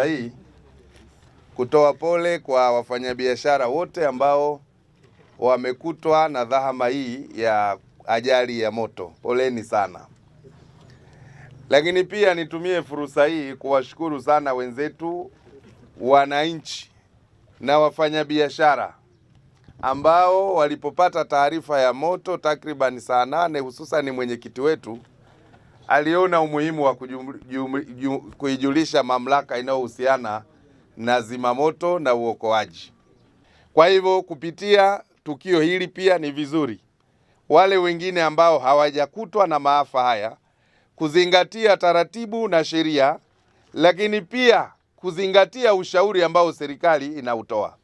Hii kutoa pole kwa wafanyabiashara wote ambao wamekutwa na dhahama hii ya ajali ya moto, poleni sana. Lakini pia nitumie fursa hii kuwashukuru sana wenzetu wananchi na wafanyabiashara ambao walipopata taarifa ya moto takriban saa nane, hususani mwenyekiti wetu aliona umuhimu wa kuijulisha mamlaka inayohusiana na zimamoto na uokoaji. Kwa hivyo kupitia tukio hili pia ni vizuri wale wengine ambao hawajakutwa na maafa haya kuzingatia taratibu na sheria, lakini pia kuzingatia ushauri ambao serikali inautoa.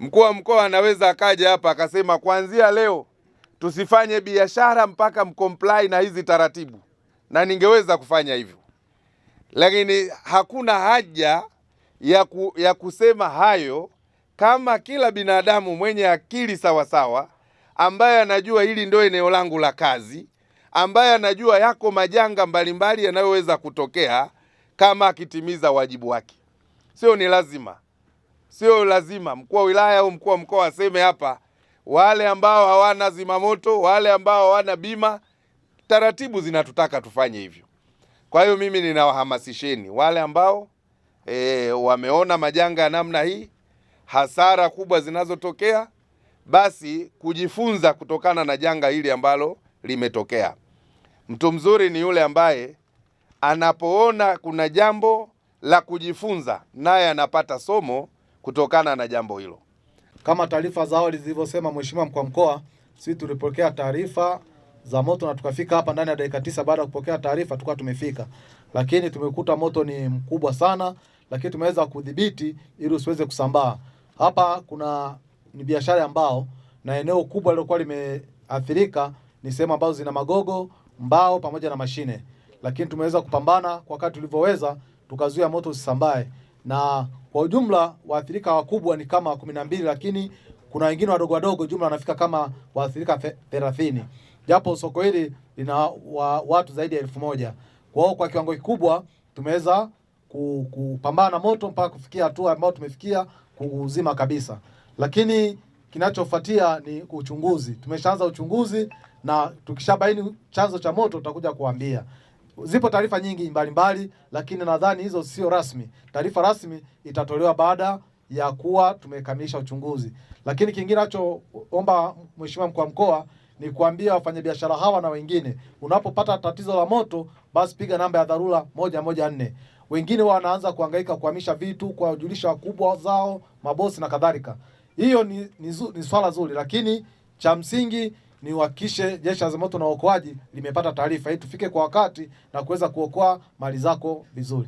Mkuu wa mkoa anaweza akaja hapa akasema kuanzia leo tusifanye biashara mpaka mkomplai na hizi taratibu na ningeweza kufanya hivyo, lakini hakuna haja ya, ku, ya kusema hayo kama kila binadamu mwenye akili sawasawa, ambaye anajua hili ndio eneo langu la kazi, ambaye anajua yako majanga mbalimbali yanayoweza kutokea kama akitimiza wajibu wake. Sio ni lazima, sio lazima mkuu wa wilaya au mkuu wa mkoa aseme hapa, wale ambao hawana zimamoto, wale ambao hawana bima taratibu zinatutaka tufanye hivyo. Kwa hiyo mimi ninawahamasisheni wale ambao e, wameona majanga ya namna hii, hasara kubwa zinazotokea, basi kujifunza kutokana na janga hili ambalo limetokea. Mtu mzuri ni yule ambaye anapoona kuna jambo la kujifunza, naye anapata somo kutokana na jambo hilo. Kama taarifa za awali zilivyosema, Mheshimiwa Mkuu wa Mkoa, sisi tulipokea taarifa za moto na tukafika hapa ndani ya dakika tisa baada ya kupokea taarifa tukawa tumefika, lakini tumekuta moto ni mkubwa sana, lakini tumeweza kudhibiti ili usiweze kusambaa. Hapa kuna ni biashara ya mbao na eneo kubwa lilokuwa limeathirika ni sehemu ambazo zina magogo, mbao pamoja na mashine, lakini tumeweza kupambana kwa wakati tulivyoweza, tukazuia moto usisambae, na kwa ujumla waathirika wakubwa ni kama 12 lakini kuna wengine wadogo wadogo, jumla wanafika kama waathirika 30 japo soko hili lina wa, watu zaidi ya elfu moja. Kwa hiyo kwa kiwango kikubwa tumeweza kupambana na moto mpaka kufikia hatua ambayo tumefikia kuuzima kabisa, lakini kinachofuatia ni uchunguzi. Tumeshaanza uchunguzi na tukishabaini chanzo cha moto tutakuja kuambia. Zipo taarifa nyingi mbalimbali mbali, lakini nadhani hizo sio rasmi. Taarifa rasmi itatolewa baada ya kuwa tumekamilisha uchunguzi. Lakini kingine nachoomba Mheshimiwa mkuu wa mkoa ni kuambia wafanyabiashara hawa na wengine, unapopata tatizo la moto, basi piga namba ya dharura moja moja nne. Wengine wanaanza kuhangaika kuhamisha vitu, kuwajulisha wakubwa zao, mabosi na kadhalika. Hiyo ni, ni, ni swala zuri, lakini cha msingi ni uhakikishe jeshi la zimamoto na uokoaji limepata taarifa ili tufike kwa wakati na kuweza kuokoa mali zako vizuri.